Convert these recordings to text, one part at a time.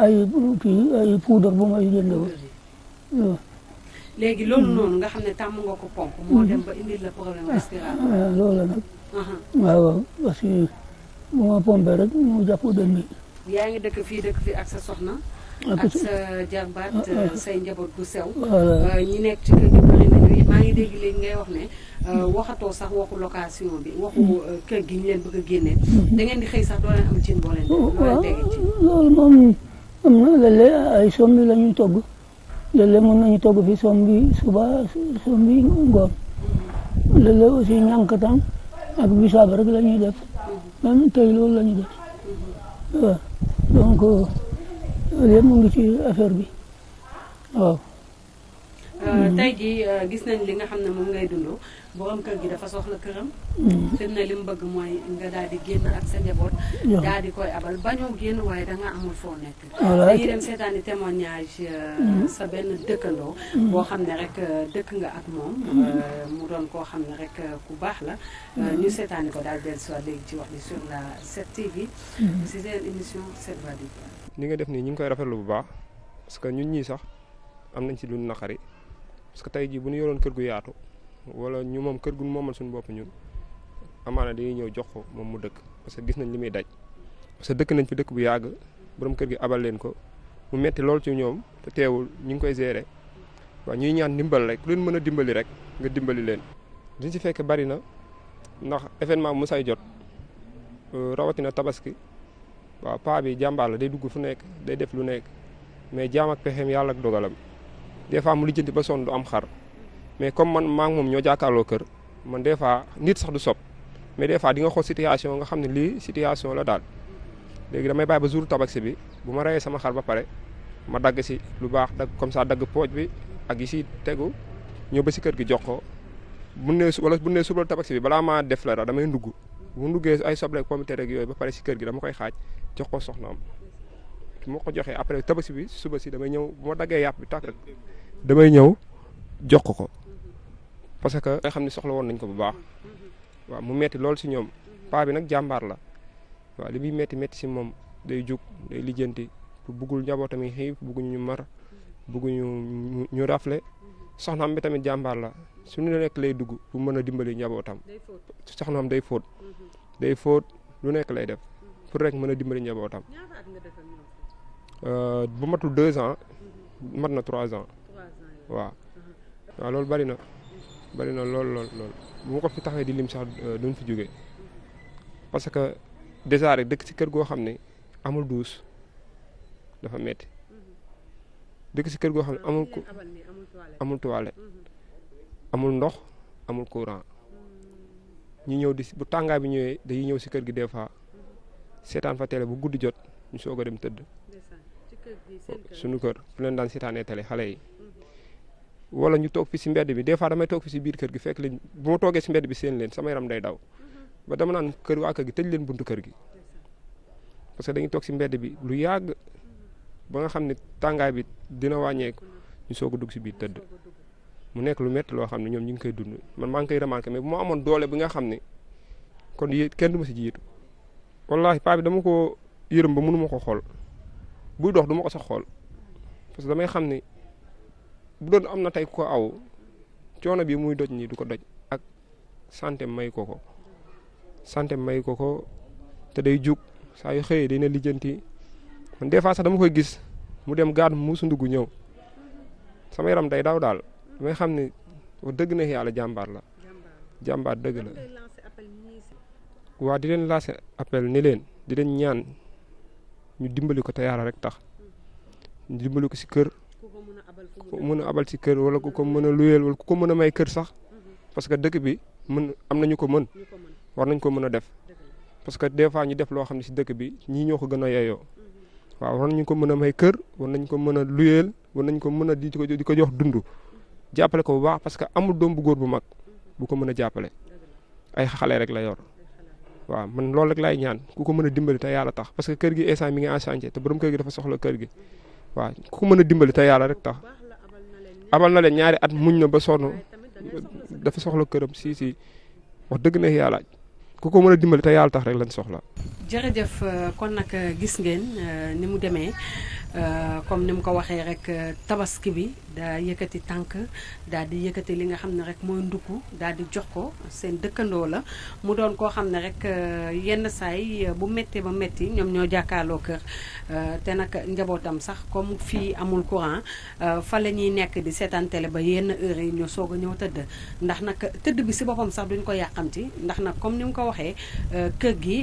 ay kii ay poudre bu may jënd woon. léegi loolu hmm. noonu nga xam ne tàmm nga ko pomp. moo dem ba indil la problème hmm. respiratoire. Ah, loolu la nag. Uh-huh. waaw yaa ngi dëkk fii dëkk fii ak sa soxna. Ah, ak sa jarbaat ah, say njaboot bu sew. Euh, ñi nekk ci ngi dégg ngay wax ne euh, waxatoo sax waxu location bi waxu hmm. euh, kër gi ñu leen bëgg a génneel. ngeen di xëy sax oh, loolu moom. am na ay soom bi la ñuy togg léeg-léeg mën nañu togg fi soom bi suba soom bi ngoon léeg-léeg aussi ñànkatan ak bisaab rek la ñuy def même tey loolu lañu ñuy def waaw donc loolu ngi ci affaire bi waaw euh, tey jii euh, gis nañ li nga xam ne moom ngay dund borom kër gi dafa soxla këram xëy na li mu bëgg mooy nga daal di génn ak sa njaboot. daal di koy abal bañoo génn waaye da amul foo nekk. dañuy dem seetaani témoignage. Euh, mm-hmm. sa benn dëkkandoo. Mm-hmm. boo xam ne rek euh, dëkk nga ak moom. Mm-hmm. Euh, mu doon koo xam ne rek ku baax la. ñu seetaani ko daal del soit léegi ci wax ji sur la 7TV. ci seen émission 7 voix ni nga def nii ñu ngi koy rafet rafetlu bu baax parce que ñun ñii sax am nañ ci lu naqari parce que tey jii bu ñu yoroon kër gu yaatu wala ñu moom kër gu moomal suñu bopp ñun. amaana dañuy ñëw jox ko moom mu dëkk parce que gis nañ li muy daj parce que dëkk nañ fi dëkk bu yàgg boroom kër gi abal leen ko mu metti loolu ci ñoom te teewul ñu ngi koy gérer waaw ñuy ñaan ndimbal rek ku leen mën a dimbali rek nga dimbali leen. liñ si fekk bari na ndax événement mu say jot euh, rawatina tabaski waa paa bi jàmbaar la day dugg fu nekk day def lu nekk mais jaam ak pexeem yàlla ak dogalam des fois mu lijjanti ba sonn du am xar mais comme man maa ngi moom ñoo jàkkaarloo kër man des fois nit sax du sopp mais des fois di nga xool situation nga xam ne lii situation la daal léegi damay bàyyi ba jour tabaksi bi bu ma reyee sama xar ba pare ma dagg si lu baax dagg comme sa dagg pooj bi ak yi si tegu ñëw ba si kër gi jox ko bu ne wala bu ne suba tabaski bi balaa maa def la damay ndugg bu nduggee ay soble ak pomme yooyu ba pare si kër gi dama koy xaaj jox ko soxnaam su ma ko joxee après tabaski bi suba si damay ñëw bu ma daggee yàpp bi tàkk damay ñëw jox ko ko parce que nga xam ne soxla woon nañ ko bu baax waaw mu metti lool si ñoom paa bi nag jàmbaar la waaw li muy metti metti si moom day jug day lijjanti buggul njabootam yi xiif bugguñu ñu mar bugguñu ñu ñu rafle soxnaam bi tamit jàmbaar la suñu nekk lay dugg pour mën a dimbali njabootam soxnaam day fóot mm-hmm. day fóot lu nekk lay def pour rek mën a dimbali njabootam euh, bu matul deux ans mm-hmm. mat na trois ans uh-huh. waaw loolu bari bari na lool lool lool boo ma ko fi taxawee di lim sax euh, duñ fi jógee parce que déjà rek dëkk ci kër goo xam ne amul douche dafa metti mm-hmm. dëkk si kër goo xam ne amul amul toilette mm-hmm. amul ndox amul courant mm-hmm. ñu ñëw di bu tàngaay bi ñëwee dañuy ñëw si kër gi des fois seetaan fa télé bu guddi jot ñu soog a dem tëdd. suñu kër fu leen daan seetaanee télé xale yi. wala ñu toog fi si mbedd bi des fois damay toog fi si biir kër gi fekk leen bu ma toogee si mbedd bi seen leen sama yaram day daw mhm. ba dama naan kër waa kër gi tëj leen buntu kër gi parce que dañuy toog si mbedd bi lu yàgg ba nga xam ne tàngaay bi dina wàññeeku ñu soog a si biir tëdd mu nekk lu métti loo xam ne ñoom ñu ngi koy dund man maa ngi koy remarqué mais bu ma doole bi nga xam ne kon yéen kenn du ma si jiitu wallaahi paa bi dama ko yërëm ba mënu ma ko xool buy dox duma ma ko sax xool parce damay xam ne bu doon am na tey ko aw coono bi muy doj nii du ko doj ak santé may ko ko sante may ko ko te day jug saa yu xëyee dina lijjanti man des fois sax dama koy gis mu dem gaan mu sundug ñëw sama yaram day daw daal may xam ne dëgg na yàlla jàmbaar la jàmbaar dëgg la waa di leen lancer appel ni leen di leen ñaan ñu dimbali ko te yàlla rek tax ñu dimbali ko ci kër ku mën a abal si kër wala ku ko mën a luyeel wala ku ko mën a may kër sax parce que dëkk bi mën am na ñu ko mën war nañ ko mën a def parce que des fois ñu def loo xam ne si dëkk bi ñii ñoo ko gën a yeyoo waaw war ñu ko mën a may kër war nañ ko mën a luyeel war nañ ko mën a di ko di ko jox dund jàppale ko bu baax parce que amul doom bu góor bu mag bu ko mën a jàppale ay xale rek la yor waaw man loolu rek laay ñaan ku ko mën a dimbali te yàlla tax parce que kër gi waaw ku mën a dimbali te yàlla rek tax abal na leen ñaari at muñ na ba sonn dafa soxla këram si si wax dëgg na yàlla ku ko mën a dimbali te yàlla tax rek lañ soxla. jërëjëf euh, kon nag euh, gis ngeen euh, ni mu demee comme ni mu ko waxee rek tabaski bi daa yëkkati tànk daal di yëkkati li nga xam ne rek mooy ndugg daal di jox ko seen dëkkandoo la mu doon koo xam ne rek yenn saay bu méttee ba métti ñoom ñoo jàkkaarloo kër te nag njabootam sax comme fii amul courant fa la ñuy nekk di seetaan télé ba yenn heure yi ñu soog a ñëw tëdd ndax nag tëdd bi si boppam sax duñ ko yàqamti ndax nag comme ni mu ko waxee kër gi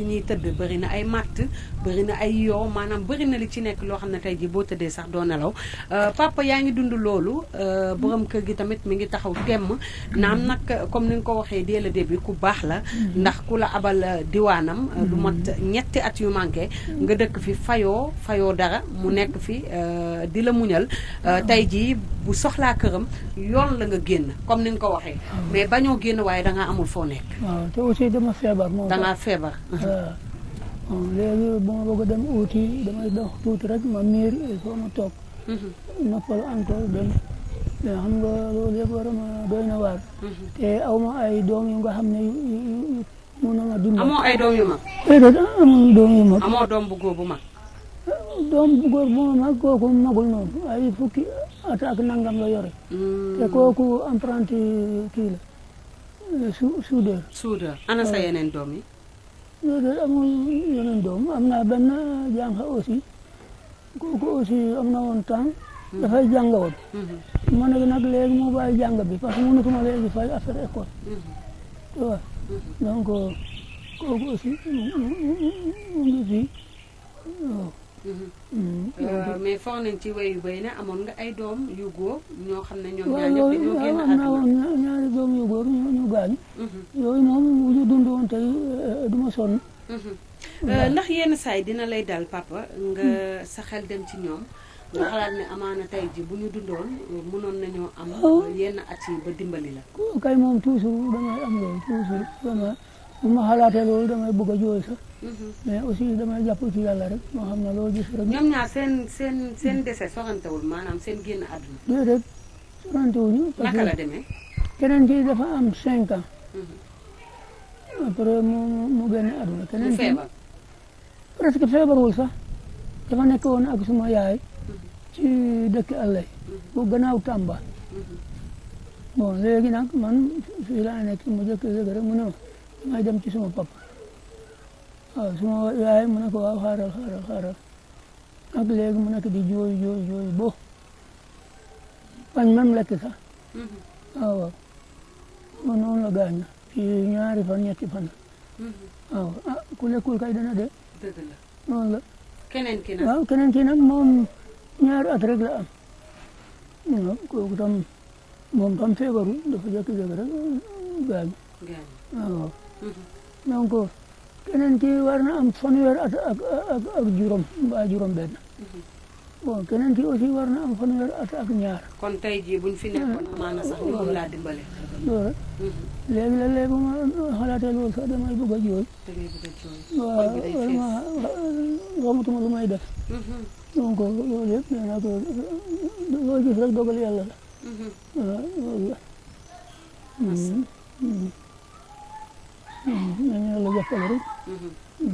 fi ñuy tëdd bëri na ay matt bëri na ay yoo maanaam bëri na li ci nekk loo xam ne tey jii boo tëddee sax doo nelaw euh, papa yaa ngi dund loolu euh, borom kër gi tamit mu ngi taxaw temm naam nag comme ni nga ko waxee dès le début ku baax la ndax ku la abal euh, diwaanam lu mat ñetti at yu manqué nga dëkk fi fayoo fayoo dara mu nekk fi di la muñal tey jii bu soxlaa këram yoon la nga génn comme ni nga ko waxee mais bañoo génn waaye dangaa amul foo nekk waaw feebar waaw ah, léegi bu ma bëgg dem uuti damay dox tuuti rek ma miir il faut ma toog. Mhm. noppalu encore dem mais xam nga loolu yëpp ma doy na waar. Mhm. te aw ma ay doom yu nga xam ne yu mun na ma dimbali. amoo ay doom yu mag. déedéet amoo bu góor bu mag. bu góor bu mag kooku magul ay fukki at ak nangam la yore. Mm. te kooku apprenti kii la soudeur. soudeur ana sa ah. yeneen doom yi. déedéet amul yeneen doom am naa benn jànq aussi kooku aussi am na woon temps hmm. dafay jàng woon hmm. ma ne nag léegi mu bàyyi jàng bi parce que mënatuma léegi fay affaire école hmm. tu vois donc kooku aussi mu ngi fii Mm-hmm. Euh, mm-hmm. mais foog nañ ci yu bay na amoon nga ay doom yu góor ñoo xam ne ñoom ñaar ñëpp dañoo génn àdduna waaw ñaari doom yu góor ñu gaañ. Mm-hmm. yooyu moom bu ñu dundoon tey euh, du ma sonn. Euh, ndax yenn saay dina lay dal papa nga hmm. sa xel dem ci ñoom. Ah. nga xalaat ne amaana tey ji bu ñu dundoon mënoon nañoo am. Oh. yenn at yi ba dimbali la. kay moom toujours damay am loolu toujours vraiment. bu ma xalaatee loolu damay bëgg a jooy sax. Mhm. mais aussi damay jàpp ci yàlla rek moo xam ne loolu gis rek. ñoom ñaar seen seen seen dese soxantewul maanaam seen génn àdduna. déedéet soxantewuñu. parce que naka la demee. keneen ci dafa am 5 ans. Mhm. après mu mu génn àdduna. keneen ci presque feebarul sax dafa nekk woon ak suma yaay. Mhm. ci dëkk àllay. bu gannaaw Tamba. bon léegi nag man fii laa nekk mu jëkk rek mu ne ma dem ci suma papa waaw suma yaay mu ne ko waaw xaaral xaaral xaaral ak léegi mu nekk di jooy jooy jooy bo bañ mam lekk sax mm-hmm. waaw waaw ma la gaañ ci ñaari fan ñetti fan mm-hmm. waaw ah ku lekkul kay dana de noonu la keneen nag waaw keneen ki ñaari at rek am non kooku tam moom tam feebaru dafa jékki-jékki rek gaañ waaw donc keneen ki war na am fanweer ak juróom mbaa juróom benn bon keneen ki aussi war na am fanweer at ak ñaar. kon tey jii buñ mm. mhm. ma xalaatee loolu sax damay bëgg a jooy. damay bëgg a jooy. waaw def. Mhm. donc loolu yëpp nee naa ko loo gis rek dogal la. Mhm. nañu yàlla jàppale rek.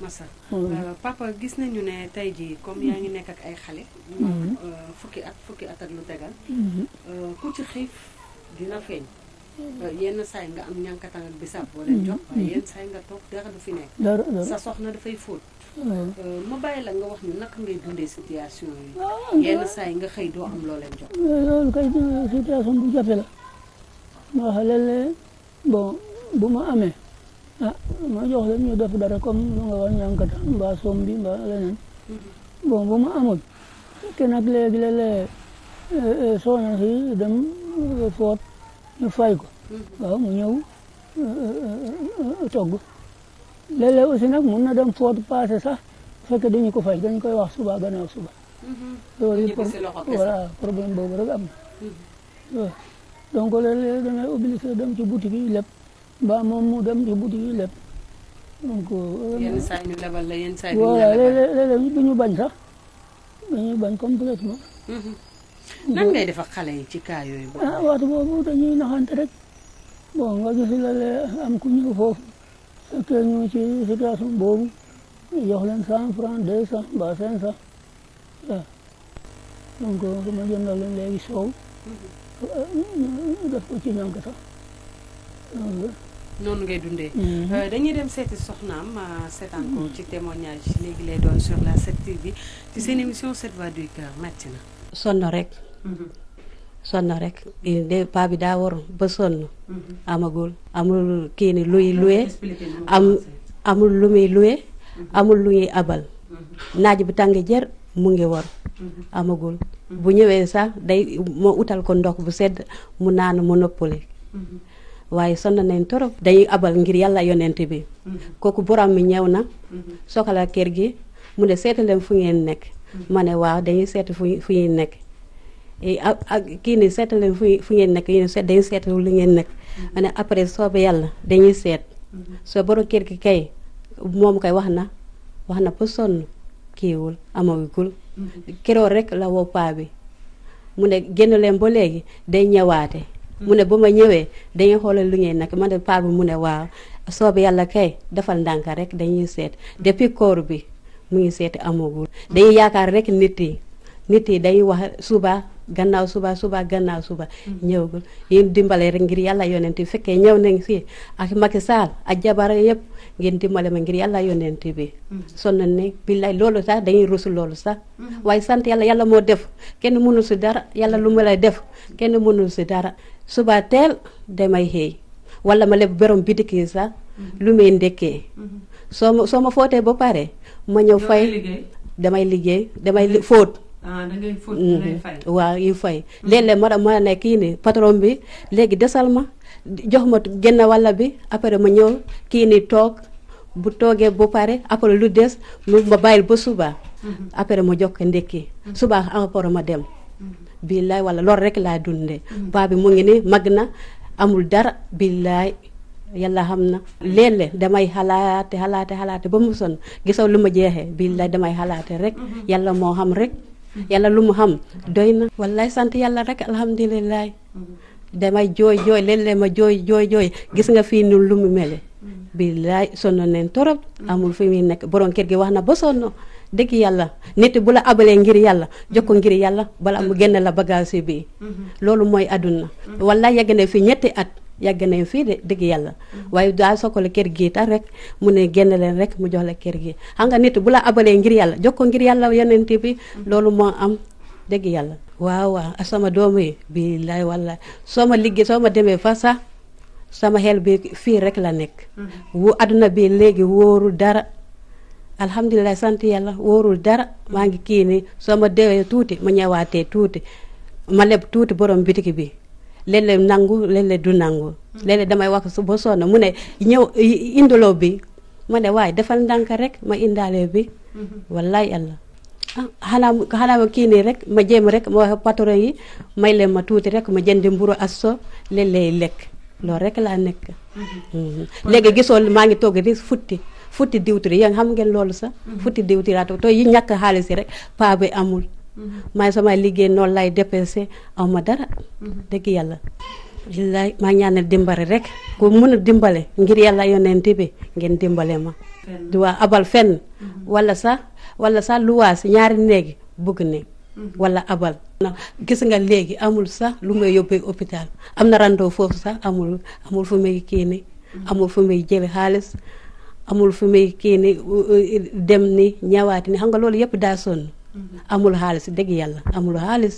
masa euh, papa gis nañu ne tey jii comme yaa ngi nekk ak ay xale. Euh, fukki at fukki at ak lu tegal. Euh, ku ci xiif dina feeñ. yenn saay nga am ñànkatan ak bisaab boo leen jox. waaye yenn saay nga toog dara du fi nekk. sa soxna dafay fóot. ma bàyyi la nga wax ñu naka ngay dundee situation yi. Ah, yenn saay nga xëy doo am loo leen jox. loolu kay situation bu jafe la. ma wax léeg bon bu ma amee ah ma jox leen ñu def dara comme lu nga wax ñànkata mbaa soom bi mbaa leneen mm-hmm. bon bu mu amul te nag léegi léeg-léeg eh, eh, si dem eh, foot ñu fay ko mm-hmm. waaw mu ñëw togg léeg-léeg aussi nag mun na dem foot passé sax fekk dañu ko fay dañ koy wax suba gannaaw suba mm-hmm. loolu voilà problème boobu rek am donc loolu dana obligé dem ci boutique yi lépp mbaa moom mu dem ci boutique yi lépp donc. Euh, euh, yenn saa ñu lebal la yenn du ñu bañ sax dañuy bañ complètement mhm. nan ngay xale yi ci cas yooyu. ah waxtu boobu dañuy naxante rek bon nga gis la lee am ku ñëw foofu fekk ñu ci situation boobu jox leen cent franc deux cent ba cinq cent waaw donc euh, jëndal leen léegi soow. Mhm. def noonu ngay dundee. Mhm. Euh, dañuy dem seeti soxna euh, seetaan ko mhm. ci ci seen mhm. émission 7 voix sonn rek. sonn rek de paa bi daa waroon ba sonn. amagul amul kii ni luy ah, luye. am amul lu abal. naaj bi tàng jër. mu ngi war amagul bu ñëwee sax day moo utal ko ndox bu sedd mu naan mu noppali waaye sonn nañ torop dañuy abal ngir yàlla yonent bi kooku borom mi ñëw na soxla kër gi mu ne seeta leen fu ngeen nekk ma ne waaw dañuy seet fu fu ñuy kii ni seeta fu ngeen nekk ñu e, ne seet li ngeen nekk ma ne après soobee yàlla dañuy seet soo borom kër gi kay moom kay wax na wax na ba sonn kiiwul amoo amagul keroog rek la woo paa bi mu ne génn leen ba léegi day ñëwaate mu ne ba ma ñëwee dañuy xoolal lu ngeen nag man de paa bi mu ne waaw soob yàlla kay defal ndànk rek dañuy seet depuis koor bi mu ngi seeti amagul dañuy yaakaar rek nit yi day wax suba gannaaw suba suba gannaaw suba ñëwagul yéen dimbale rek ngir yàlla yonent yi fekkee ñëw nañ fii ak Macky Sall ak jabar yëpp ngeen dimbale ma ngir yàlla yonent bi mm. sonn ne billaay loolu sax dañuy rusu loolu sax mm. waaye sant yàlla yàlla moo def kenn mënu si dara yàlla lu ma lay def kenn mënu si dara suba teel damay xëy wala ma leb borom bitik yi sax mm-hmm. lu may ndekkee mm-hmm. soo ma soo ma footee ba pare ma ñëw fay damay liggéey damay fóot ah, mm-hmm. waaw yu fay léeg-léeg ma ma kii ni patron bi léegi desal ma jox ma genn walla bi après ma ñëw kii ni toog bu toogee bu pare après lu des mu ma bàyyil ba suba. Mm-hmm. après ma jox ko ndekki. Mm-hmm. suba encore ma dem. Mm-hmm. billaay wala lool rek laa dunde baa bi mu ngi ni mag na amul dara billaay yàlla xam na léeg-léeg damay xalaate xalaate xalaate ba mu sonn gisoo lu ma jeexee billaay damay xalaate rek yàlla moo xam rek. yàlla lu mu xam doy na. wallaay sant yàlla rek alhamdulilah. damay jooy jooy léeg-léeg ma jooy jooy jooy gis nga fii nu lu mu mele billaay sonn neen torop amul fi muy nekk boroom kër gi wax na ba sonn dégg yàlla nit bu la abalee ngir yàlla jokko ngir yàlla bala mu génn la bagage bi loolu mooy àdduna wala yàgg na fi ñetti at yàgg nañ fii de dëgg yàlla waaye daa soxla kër gi tax rek mu ne génn leen rek mu jox la kër gi xam nga nit bu la abalee ngir yàlla jokko ngir yàlla yonent bi loolu moo am dégg yàlla waaw waaw sama doom yi billaay wallaay soo ma liggéey soo ma demee fa sax sama xel bi fii rek la nekk. Mm-hmm. wu àdduna bi léegi wóoru dara. alhamdulilah sant yàlla wóorul dara maa ngi kii nii soo ma dewee tuuti ma ñëwaatee tuuti ma leb tuuti borom bitiki bi léeg-léeg nangu léeg-léeg du nangu. Mm-hmm. léeg-léeg damay wax ba sonn mu ne ñëw indiloo bi ma ne waaye defal ndànk rek ma indaale bi. Mm-hmm. wallaay yàlla. xanaa xanaa ma kii nii rek ma jéem rek ma wax patron yi may leen ma tuuti rek ma jëndi mburu asso leen lay lekk loolu rek laa nekk. Mhm. Mhm. léegi gisoo maa ngi toog rek futti futti diwtir yi xam ngeen loolu sax. Mhm. futti diwtir laa toog te yi rek paa bi amul. maay sama liggéey noonu lay dépensé aw ma dara. dëgg yàlla. billaay maa ñaanal dimbali rek ku mun a dimbale ngir yàlla yonent bi ngeen dimbale ma. du waa abal fenn. wala sax. wala sax luwaas ñaari néegi bëgg ne mhm. wala abal gis nga léegi amul sax lu may yóbbee hôpital am na randoo foofu sax amul amul fu muy kii ni mhm. amul fu muy jële xaalis amul fu may kii ni dem ni ñawaati ni xam nga loolu yëpp daa sonn mhm. amul xaalis dëgg yàlla amul xaalis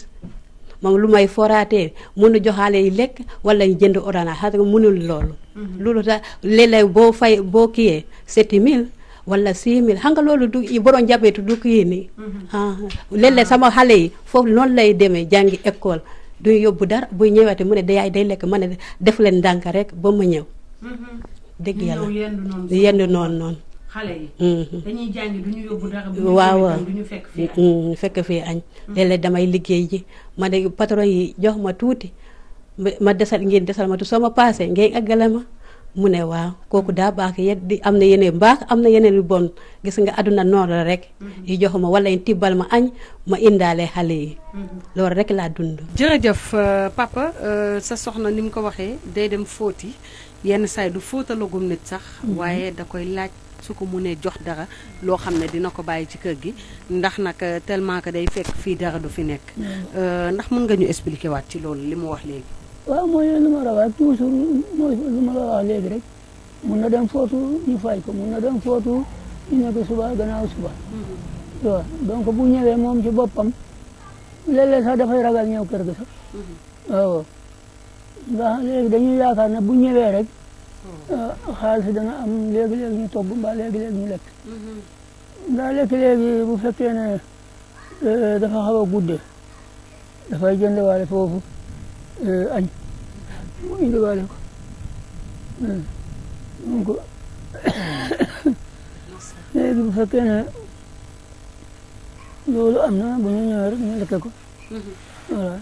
moom lu may foraatee mënu joxaale yi lekk wala jënd orana xam nga mënul loolu loolu tax léeg-léeg boo fay boo kiyee sept mille wala six mille xam nga loolu du borom jabeetu du kii nii. Mhm. Ah, léeg sama xale yi foofu noonu lay demee jàngi école du yóbbu dara buy ñëwaatee mu ne day yaay day lekk ma ne def leen ndànk rek ba ma ñëw. Mhm. dëgg yàlla yendu noonu noonu. xale yi. Mhm. dañuy jàngi du ñu yóbbu dara. waaw du ñu fekk fii añ fekk fii añ. léeg damay liggéey ji ma ne patron yi jox ma tuuti ma desal ngeen desal ma tuuti soo ma paasee ngay eggale ma. mu ne waa kooku daa baax yet yeddi am na yeneen baax am na yeneen lu bon gis nga àdduna noor la rek. Mm-hmm. yu jox ma wala ñu tibbal ma añ ma indaale xale yi. Mm-hmm. loolu rek laa dund. jërëjëf euh, papa euh, sa soxna ni mu ko waxee day dem fóoti yenn saay du fóotalagum nit sax. Mm-hmm. waaye da koy laaj. su ko mënee jox dara loo xam ne dina ko bàyyi ci kër gi ndax nag euh, tellement que day fekk fii dara du fi nekk. ndax mën nga ñu expliquer waat ci loolu li mu wax léegi. waaw mooy lu ma la wax toujours mooy léegi rek mun na dem footu ñu fay ko mun na dem footu ñu ne ko suba gannaaw suba mhm. waaw donc bu ñëwee moom ci boppam léeg-léeg sax ragal ñëw kër ga sax mhm. waaw ndax léegi dañuy yaakaar ne bu ñëwee rek mhm. ah, xaalis dana am léegi-léegi ñu togg mbaa léegi-léegi ñu lekk ndax léegi-léegi bu fekkee ne eh, dafa xaw a guddee dafay wale waale foofu Euh, añ mu indiwaale ko euh, mu ko léegi bu fekkee ne loolu am na bu ñu ñëwee rek ñu lekke ko voilà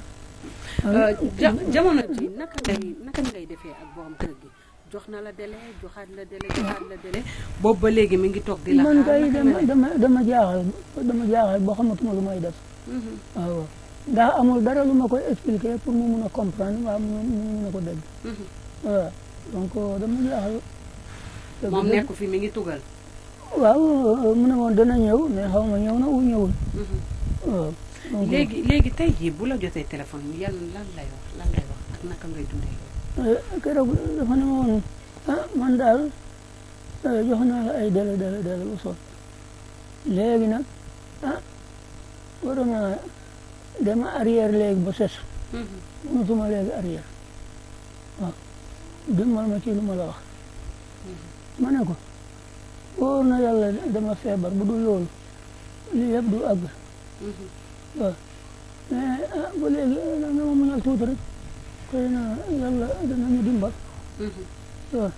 euh, jamono ji naka ngay naka defee ak borom kër gi jox na la délai joxaat la délai joxaat la délai boobu ba léegi mi ngi toog di la man kay dama dama dama jaaxal dama jaaxal boo xamatuma lu may def mhm. ah, waaw ndax amul dara lu ma koy expliquer pour mu mun a comprendre waaw mu mun a ko dégg. Mhm. donc euh, dama jaaxal. moom nekk fi mi ngi tugal. waaw euh, mu ne woon dana ñëw mais na u ñëwul. waaw mhm. tey jii bu la jotee téléphone bi yàlla lan lay wax euh, ah, daal jox naa la ay délai délai délai bu sot léegi nag ah dama arrière léegi ba ses mhm. mënatuma léegi arrière waaw ma ci lu ma la mhm. ne ko wóor na yàlla dama feebar bu dul loolu lii yëpp du àgg mhm. waaw mais ah, ba na yàlla danañu dimbal waaw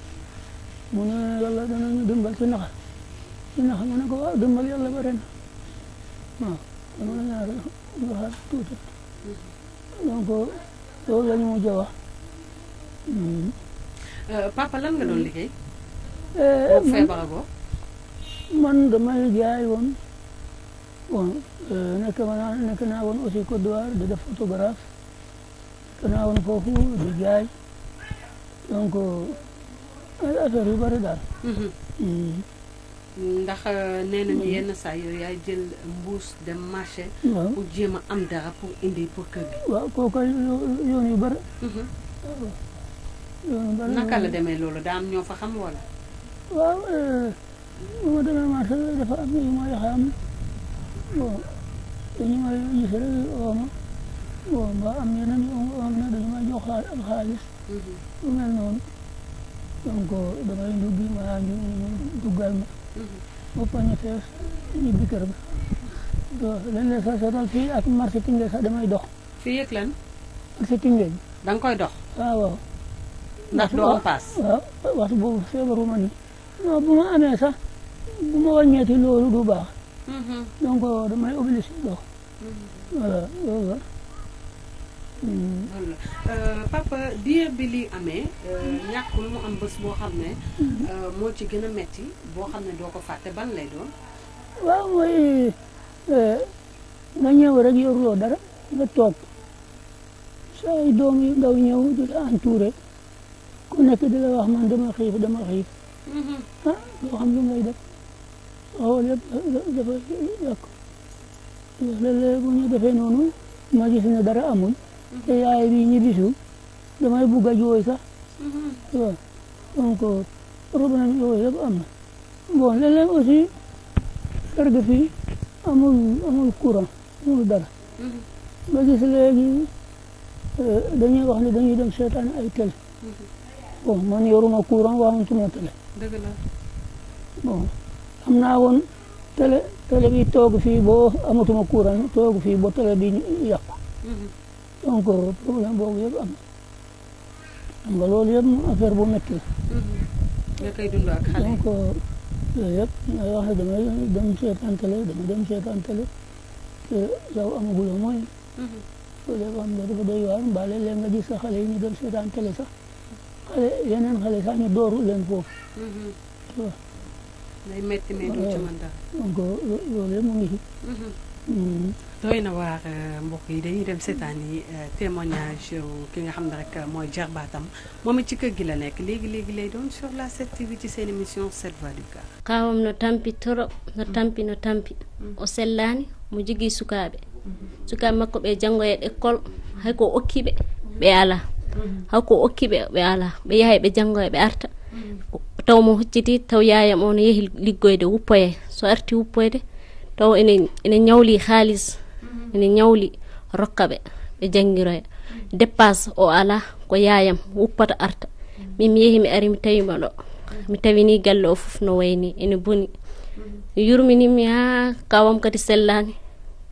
mu ne yàlla danañu dimbal ci naxa ci naxa ma ne ko na waaw la di waxaat tuuti donc loolu la a euh, papa lan nga doon liggéey. Euh, boobu man damay jaay woon bon euh, nekk naa nekk naa woon aussi Côte d'Ivoire di def photographe naa woon foofu di jaay donc ay affaire yu bëri daal. Mhm. Hmm. ndax euh, nee nañu mm-hmm. yenn saa yooyu yaay jël mbuus dem marché. waaw pour jéem a am dara pour indi pour kër gi. waaw kooku yoon yu bëri. Mm-hmm. yoon yu bëri naka la demee loolu daa am ñoo fa xam wala. waaw euh, bu ma demee marché dafa am yu ma xam bon dañu am yeneen yoo xam ne dañu ma jox ab xaalis. Mm-hmm. mel noonu donc damay dugg maanaam ñu ma. bu poñe fees ñibbi kër ga. waaw lan la sa fii ak marché sax damay dox. fii yëg lan. marché Tinguède. da koy dox. waaw ah, waaw. ndax doo am paas. waaw waxtu boobu feebaru ma bu ma amee sax bu ma wàññeeti loolu du baax. Mhm. donc damay obligé dox. Mhm. voilà loolu loolu euh, papa diir bi lii amee euh, ñàkkul mu am bés boo xam ne euh, moo ci gën a metti boo xam ne doo ko fàtte ban lay doon waaw mooy nga ñëw rek yoruloo dara nga toog say doom yu ndaw ñëw di la entouré ku nekk di la wax man dama xiif dama xiif mm-hmm. ah doo xam lu ngay def waaw oh, bu ñu defee noonu ma gis ne dara amul te yaay bi ñu bisu damay bugg a jooy sax mm-hmm. waaw donc problème yooyu yëpp am na bon leneen aussi kër gi fii amul amul courant amul dara mm-hmm. ba gis léegi euh, dañuy wax ne dañuy dem seetaan ay télé mm-hmm. bon man yoruma courant waaw suma télé dëgg bon xam naa woon tele télé bi toog fii boo amatuma courant toog fii ba télé bi yàqu donc problème boobu yëpp am a nga loolu yëpp affaire bu métti la. Mm-hmm. nga koy dund ak xale. donc yooyu yëpp ngay wax damay dem seetaan télé damay dem seetaan télé te yow amaguloo mooy. Mm-hmm. loolu yëpp nga dafa doy waar mbaa léeg-léeg nga sa xale yi ñu dem seetaan télé sax leen foofu. Mm-hmm. waaw. day métti mais du mu ngi doy na waar euh, mbokk yi dañuy dem seetaan yi euh, témoignage ki nga xam ne rek euh, mooy jarbaatam moom it ci kër gi la nekk léegi léegi lay doon sur la 7 TV ci seen émission 7 voix du cœur kaawam no tampi torop no mm-hmm. tampi no tampi mm-hmm. o sellaani mo jogii sukaaɓe sukaaɓe makko ɓe janngoye école hay ko okkiɓe mm-hmm. ɓe ɓe alaa ɓe yaha ɓe janngoye ɓe arta taw mo hocciti taw yaayam o no yehi liggoyde wuppoye so arti wuppoyde to enen ene ñawli haalis mhm. ene ñawli rokkaɓe ɓe janggiroya mhm. dépense o ala ko yayam wuppata arta min mhm. mi yeehi mi ari mi tawima ɗo mi tawini galle o fof no wayni ene boni yurminimi ha kawam kadi sellani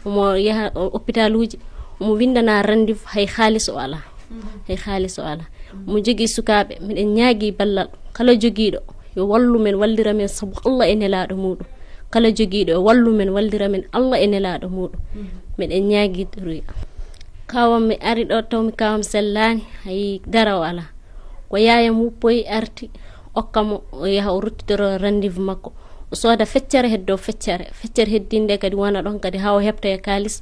omo yaha hôpital uji windana rendez hay haalis o ala hay haalis o ala omo ballal kala joguiɗo yo wallu wallira men saabu allah e nelaɗo muɗum kala jogiiɗo e wallu men wallira men allah e nelaaɗo muɗum miɗen mm-hmm. ñaagidoruya kawam mi ari ɗo taw mi kawam sellaani hayi dara o alaa ko yaayam wuppoyi arti okkamo o yaha o ruttidoro rendez makko o sooda feccere heddo feccere heddinde kadi wona ɗon kadi ha o heɓta e kalis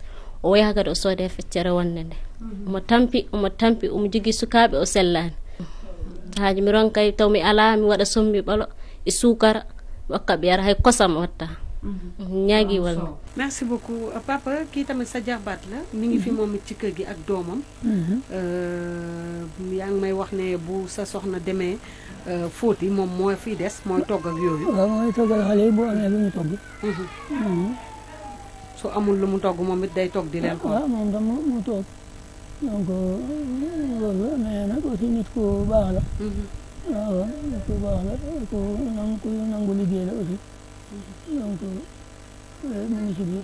o yaha kadi o sooda e feccere wonde nde mm-hmm. omo tampi omo jogii sukaaɓe o sellaani haaji mi ron taw mi alaa mi waɗa sombi ɓalo e suukara mi okka ɓe yara hay kosam watta ñaagi wal merci beaucoup euh, papa kii tamit sa jarbaat la mu ngi fi mhm. moom it ci kër gi ak doomam mhm. euh, yaa ngi may wax ne bu sa soxna demee yi euh, moom moo fi des mooy togg ak yooyu waaw mooy mhm. amul lu mu togg moom it day togg di leen ko waaw moom tam mu togg donc loolu nit ku baax la waaw nit ku baax la ku nangu liggéey la aussi donc euh, mu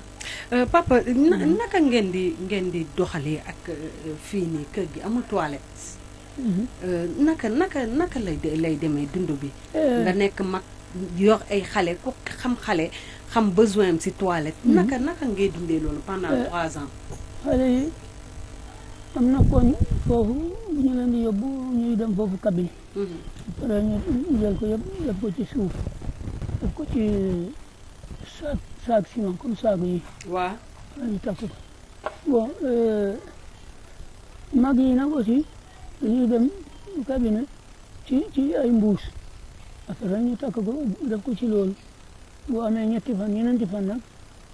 euh, papa mm-hmm. naka ngeen di ngeen di doxalee ak euh, fii nii kër gi amul toilette. Mm-hmm. naka naka naka lay lay demee dund bi. nga nekk mag yor ay xale ku xam xale xam besoin am si toilette. Mm-hmm. naka naka ngay dundee loolu pendant trois ans. xale yi am na koñ foofu ñu leen di yóbbu ñuy dem foofu cabine. après ñu jël ko yëpp def ko ci suuf def ko ci. saag saag ciment comme saag yi. waaw ñu takk ko bon euh, mag yi nag aussi dem cabinet ci ci ay mbuus parce que ñu takk ko def ko ci lool boo amee ñetti fan ñeenti fan nag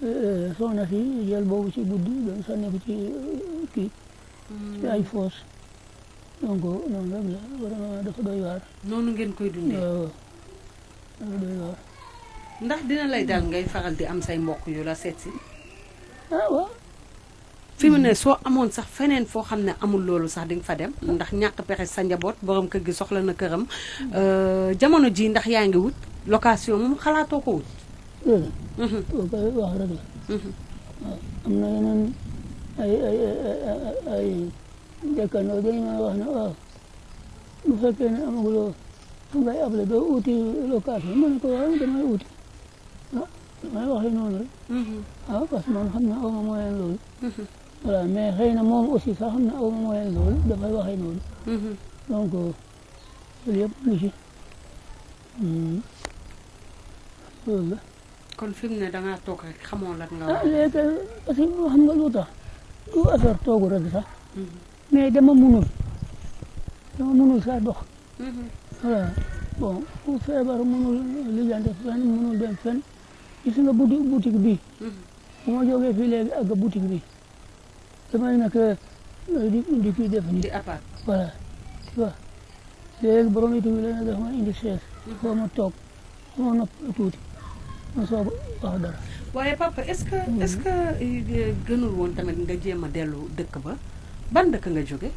euh, euh, soxna si jël boobu ci guddi doon sànni ko ci kii ci hmm. ay foos donc noonu rek la vraiment dafa doy waar. ngeen koy dundee. waaw dafa doy ndax dina lay dal ngay faral di am say mbokk yu la seet si. Ah, waaw fi mu ne soo amoon sax feneen foo xam ne amul loolu sax di nga fa dem ndax ñàkk pexe sa njaboot borom kër gi soxla na këram euh, jamono ji ndax yaa ngi wut location xalaatoo ko wut. Mhm. wax mhm. ah, na waaw bu fekkee ne amaguloo fu ngay able doo uti location ma ne ko waaw damay uti. ah damay waxee noonu rek. ah parce que man na aw ma loolu. voilà mais xëy na moom ussi sax xam na aw ma loolu dafay waxee noonu. lu ci kon fi mu ne da ngaa toog nga. ah lu tax du rek sax. mais dama munul dama munul saa dox. bon feebar munul lijjanti fenn munul dem fenn. gis nga boutique boutique bi. Hmm. bu ma jógee fii léegi ak boutique bi damay nekk euh, di di kii def nii. di appart voilà tu vois léegi borom itam bi léegi ma indi chaise. Hmm. foo ma toog foo ma nopp tuuti ma soog a wax dara. waaye papa est-ce que hmm. est euh, gënul woon tamit nga jéem a dellu dëkk ba ban dëkk nga joge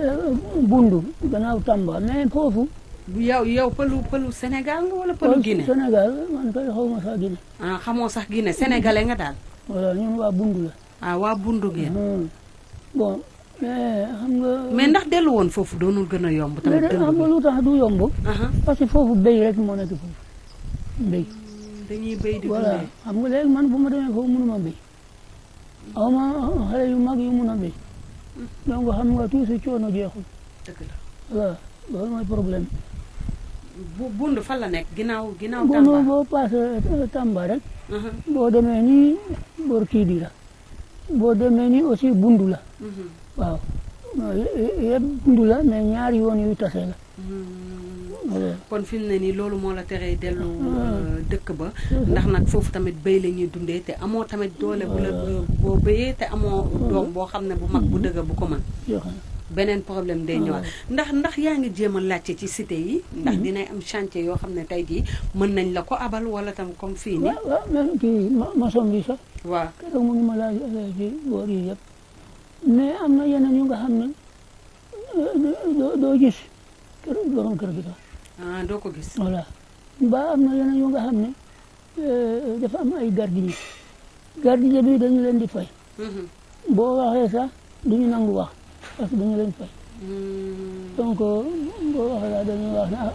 euh, Bundu gannaaw Tamba mais foofu. bu yow yow pëlu pëlu Sénégal nga wala pëlu Guinée Sénégal man kay xaw ma sax Guinée. ah xamoo sax Guinée sénégalais nga daal. voilà ñun waa bund la. Ah, waa Bundu ngeen. Hmm. bon mais nga. mais ndax dellu woon foofu doonul gën a yomb. tamit parce que foofu béy rek moo hmm, dañuy béy di voilà man bu ma demee foofu mënuma xale yu mag yu mun a béy. Hmm. donc xam nga tout ce coono jeexul. dëgg la mooy problème bu bund fan la nekk ginnaaw ginnaaw. Tamba bund boo paasee euh, Tamba rek. Uh-huh. boo demee nii boor kii di boo demee nii aussi bund la. Uh-huh. waaw yëpp bundu la mais ñaari yoon yu tase la. Uh-huh. kon fi mu ne nii loolu moo la teree dellu ah. euh, dëkk ba ndax nag foofu tamit béy la dundee te amoo tamit doole bu la boo béyee te amoo doom boo xam ne bu mag bu dëgg bu ko mën beneen problème day ñëwaat ah. ndax ndax yaa ngi jéem a laajte ci site yi ndax mm-hmm. dinay am chantier yoo xam ne tey jii mën nañ la ko abal wala tam comme fii nii waaw même kii maçon bi sax waaw keroog mu ngi ma laaj ci boor yi yëpp mais am na yeneen yu nga xam ne euh, doo gis kër ah, doo ko gis voilà ba am na euh, dafa am ay gardien gardien bi dañu leen di fay mm-hmm. boo waxee sax duñu nangu wax parce que dañu leen fay. donc boo waxee daal dañuy wax ne ah,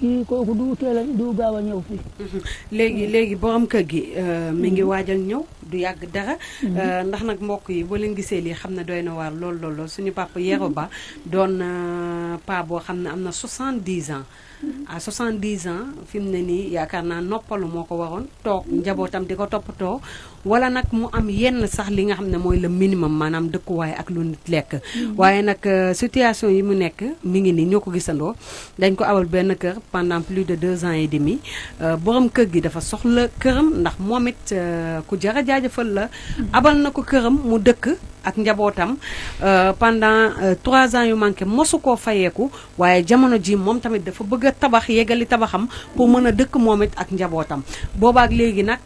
kii kooku du teel a du gaaw a ñëw fii. léegi léegi borom kër gi euh, mi ngi mm-hmm. waajal ñëw du yàgg dara. Mm-hmm. Euh, ndax nag mbokk yi boo leen gisee lii xam na doy na waar lool lool suñu papa Yero Ba mm-hmm. doon euh, pa boo xam ne am na 70 ans. à 70 ans fi mu ne nii yaakaar naa noppalu moo ko waroon toog njabootam di ko toppatoo. wala nag mu am yenn sax li nga xam ne mooy le minimum maanaam dëkkuwaay ak lu nit lekk. waaye nag euh, situation yi mu nekk mi ngi nii ñoo ko gisandoo dañ ko awal benn kër pendant plus de deux ans et demi euh, borom kër gi dafa soxla këram ndax moom it euh, ku jar a jaajëfal la. abal na ko këram mu dëkk. ak njabootam pendant trois ans yu manqué mosu koo fayeeku waaye jamono jii moom tamit dafa bëgg a tabax yeggali tabaxam pour mën a dëkk moom it ak njabootam boobaak léegi nag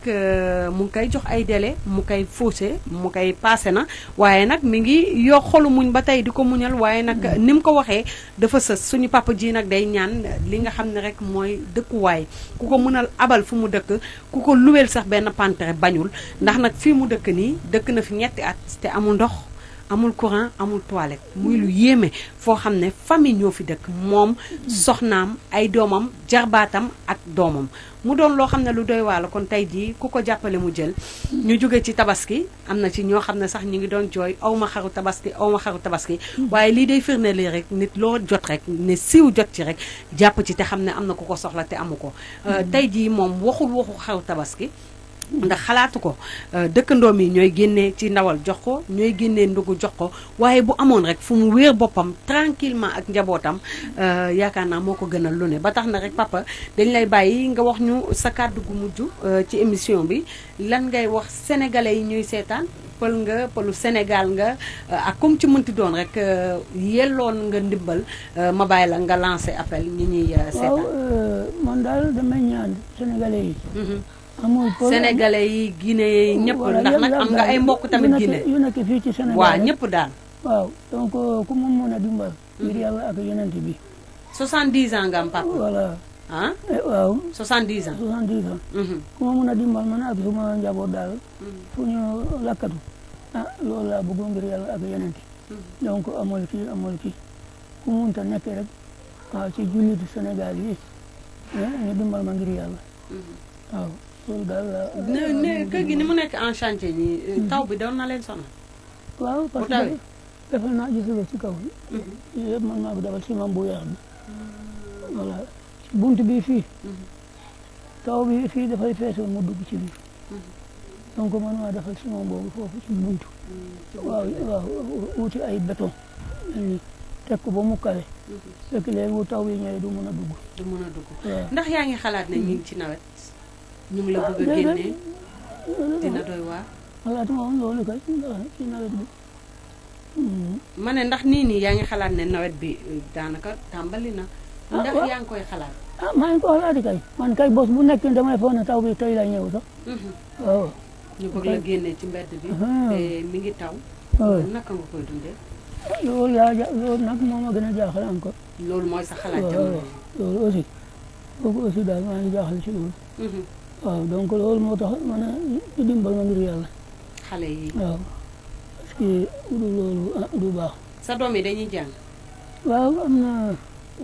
mu ngi koy jox ay ay mu koy faussé mu koy passé na waaye nag mi ngi yoo xolu muñ ba tey di ko muñal waaye nag mm. ni mu ko waxee dafa sës suñu papa ji nag day ñaan li nga xam ne rek mooy dëkkuwaay ku ko mënal abal fu mu dëkk ku ko luweel sax benn pantere bañul ndax nag fii mu dëkk nii dëkk na fi ñetti at te amul ndox amul courant amul toilette muy lu yéeme foo xam ne famille ñoo fi dëkk moom mm. soxnaam ay doomam jarbaatam ak doomam mu doon loo xam ne lu doy waa kon tey jii ku ko jàppale mu jël ñu jóge ci tabaski am na ci ñoo xam ne sax ñu ngi doon jooy aw ma xaru tabaski aw xaru tabaski waaye lii day firne lii rek nit loo jot rek ne siiw jot ci rek jàpp ci te xam ne am na ku ko soxla te amu ko euh, mm-hmm. tey jii moom waxul waxu xaru tabaski ndax xalaatu ko euh, dëkkandoom yi ñooy génne ci ndawal jox ko ñooy génnee ndugu jox ko waaye bu amoon rek fu mu wéer boppam tranquillement ak njabootam euh, yaakaar naa moo ko gënal lu ne ba tax na rek papa dañ lay bàyyi nga wax ñu sa kàddu gu mujj euh, ci émission bi lan ngay wax sénégalais yi ñuy seetaan pël nga pëlu Sénégal nga ak comme ci mënti doon rek yelloon nga ndimbal ma bàyyi la nga lancé appel ñi ñuy seetaan waaw man daal damay ñaan sénégalais yi mm-hmm. amul problème sénégalais yi Guinée yi ñëpp ndax nag ñëpp daal waaw donc euh, ku mu mën dimbal hmm. ngir yàlla ak yonent bi 70 ans nga am papa voilà ah eh, waaw 70 ans 70 ans hmm. ku ma mën a dimbal man suma njaboot daal hmm. fu ñu lakkatu ah loolu laa ngir yàlla ak yonent donc amul kii amul kii ku munta nekk rek waaw ci jullit Sénégal yi eh, ñu dimbal ma ngir yàlla waaw loolu daal laa. mu nekk en chantier nii. Euh, mhm. taw bi doon na leen sonal. waaw parce que dafa naa gisagoo ci kaw bi. Mhm. yëpp man maa ko defal bu weex bi. voilà bunt bi fii. Mhm. taw bi fii dafay feesoon mu dugg ci biir. donc man maa defal ciment boobu foofu ci bunt. waaw wuti ay béton. teg ko ba mu kale. fekk bu taw bi ñëwee du mun a dugg. du mun a dugg ndax yaa ngi xalaat ne ñu ci nawet. ñu ngi la bëgg a génne xalaat moom loolu kay ci nawet bi. ma ne ndax nii nii yaa ngi xalaat ne nawet bi euh, daanaka tàmbali na. Ah, ndax yaa ngi koy xalaat. ah maa ngi ko xalaat kay man kay bos bu nekk damay foog ne taw bi tey lay ñëw mhm. ñu bëgg la génne ci mbedd bi. Ah. te mi ngi taw. waaw naka nga koy dundee. loolu yaa ja loolu nag moom a gën a jaaxal encore. loolu mooy sa xalaat jamono loolu aussi. kooku aussi daal maa ngi jaaxal ci loolu. Mhm. waaw donc loolu moo tax man a dimbal ma ngir yàlla. xale yi waaw. parce du loolu ah, du baax. sa doom yi dañuy jàng. waaw am na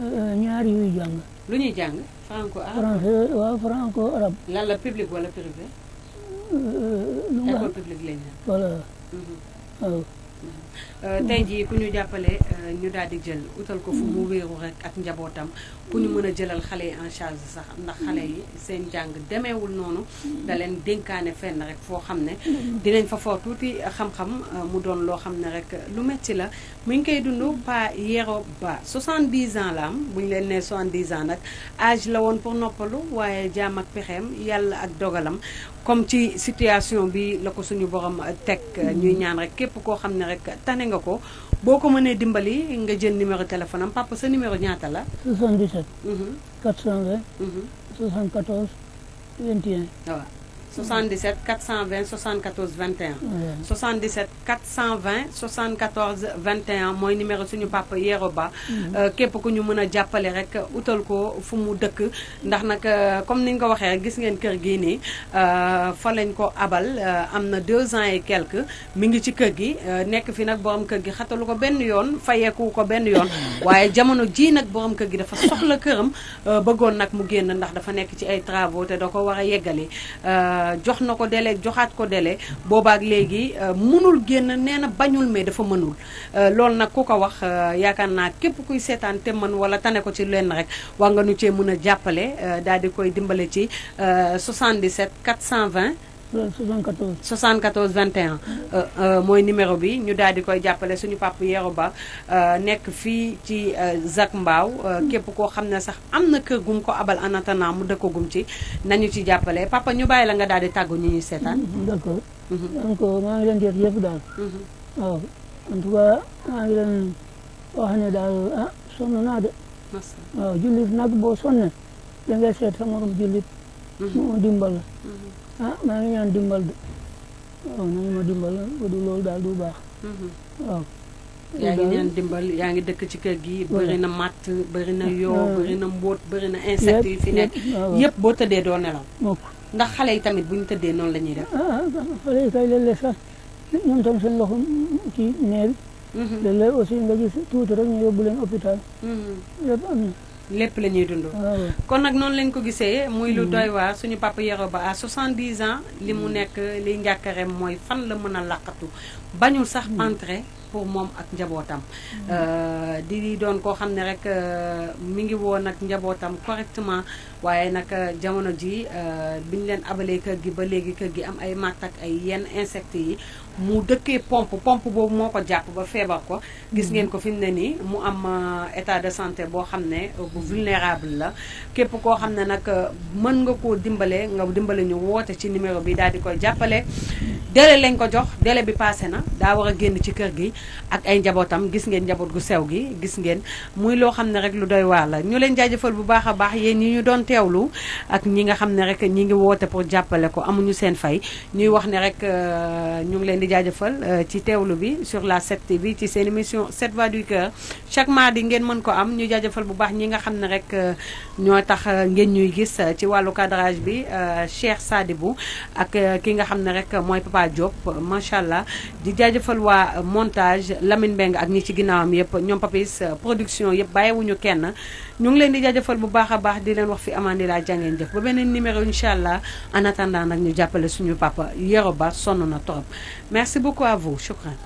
euh, ñaar yuy jàng. lu ñuy jàng franco arabe français waaw franco arabe. lan la public wala euh, euh, mhm. waaw. Euh, tey jii ku ñu jàppale euh, ñu daal di jël utal ko fu mu wéeru rek ak njabootam ku ñu mën a jëlal xale yi en charge sax ndax xale yi seen jàng demeewul noonu da leen dénkaane fenn rek foo xam ne dinañ fa foo tuuti xam-xam euh, mu doon loo xam ne rek lu metti la mu ngi koy dund pa yero ba 70 ans la am bu ñu leen nee 70 ans nag âge la woon pour noppalu waaye jaam ak pexeem yàlla ak dogalam comme ci situation bi la ko suñu borom euh, teg euh, mm-hmm. ñuy ñaan rek képp koo xam ne rek tane nga ko boo ko mënee dimbali nga jël numéro téléphone am sa numéro ñaata la. 77. 420. 74. 21. waaw. 77 420 74 21. 77 420 74 21 mooy numéro suñu papa Yeroba. Mm-hmm. Euh, képp ku ñu mën a jàppale rek utal ko fu mu dëkk ndax nag euh, comme ni nga ko waxee rek gis ngeen kër gii nii euh, fa lañ ko abal am na deux ans et quelques mu ngi ci kër gi nekk fi nag borom kër gi xatalu ko benn yoon fayeeku ko benn yoon mm-hmm. waaye jamono jii nag borom kër gi dafa soxla këram bëggoon nag mu génn ndax dafa nekk ci ay travaux te ko war a yeggali. Euh, jox na ko délai joxaat ko délai boobaak léegi euh, munul génn nee na bañul mais dafa mënul euh, loolu nag ku ko wax yaakaar naa képp kuy seetaan te mën wala tane ko ci lenn rek war nga nu cee mun a jàppale daal di koy dimbale ci cent 420 74 74 21 mooy numéro bi ñu daal di koy jàppale suñu pàpp Yero Ba euh, nekk fii ci euh, Zac Mbao euh, képp koo xam ne sax am na kër gum ko abal en attendant mu dëkkagum ci nañu ci jàppale papa ñu bàyyi la nga daal di tàggu ñu ñuy seetaan. Mm-hmm, d'accord donc mm-hmm. maa ngi leen di yëpp mm-hmm. wax ne daal ah, sonn naa de. waaw jullit nag boo sonnee da seet sa morom jullit. mu dimbal la. ah maa ngi ñaan dimbal de waaw nañu ma dimbal ba loolu daal du baax. Mm-hmm. waaw. yaa ngi ñaan dimbal yaa ngi dëkk ci kër gi. bëri na matt bëri na yoo bëri na mbóot bëri na insectes yu fi nekk. yëpp boo tëddee doo nelaw. ndax xale yi tamit bu ñu tëddee noonu la ñuy def. ah, ah, ah xale yi kay léeg-léeg sax ñoom tam seen loxo kii neer. Mm-hmm. léeg-léeg aussi nga gis tuuti rek ñu yóbbu leen hôpital. Mm-hmm. yëpp am na. lépp la ñuy dund. Ah. kon nag noonu lañ ko gisee. muy lu mm. doy waar suñu papa yoroo ba à 70 ans. li mu mm. nekk li njàkkareem mooy fan la mën a làqatu bañul sax mm. entrée pour moom ak njabootam. Euh, di doon koo xam ne rek euh, mu ngi woon ak njabootam correctement waaye nag euh, jamono ji bi ñu leen abalee kër gi ba léegi kër gi am ay màtt ak ay yenn insectes yi. mu dëkkee pompe pompe boobu moo ko jàpp ba feebar ko gis ngeen ko fi mu ne nii mu am euh, état de santé boo xam ne euh, bu vulnérable la képp koo xam ne nag euh, mën nga koo dimbale nga dimbale ñu woote ci numéro bi daal di koy jàppale délai lañ ko jox dele bi passé na daa war a génn ci kër gi ak ay njabootam gis ngeen njaboot gu sew gi gis ngeen muy loo xam ne rek lu doy waar la ñu leen jaajëfal bu baax a baax yéen ñi ñu doon teewlu ak ñi nga xam ne rek ñi ngi woote pour jàppale ko amuñu seen fay ñuy wax ne rek ñu ngi leen di jaajëfal euh, ci teewlu bi sur la 7 TV ci seen émission 7 voix du cœur chaque mardi ngeen mën ko am ñu jaajafal bu baax ñi nga xam ne rek euh, ñoo tax euh, ngeen ñuy gis ci wàllu cadrage bi Cheikh Sadibou ak ki nga xam ne rek mooy Papa Diop macha allah di jaajëfal waa montage Lamine Mbengue ak ñi ci ginnaawam yëpp ñoom Papis production yëpp bàyyiwuñu kenn. ñu ngi leen di jaajëfal bu baax a baax di leen wax fi amandi laa jàngeen jëf ba beneen numéro incha allah en attendant nag ñu jàppale suñu papa Yero Ba sonn na trop merci beaucoup à vous shukran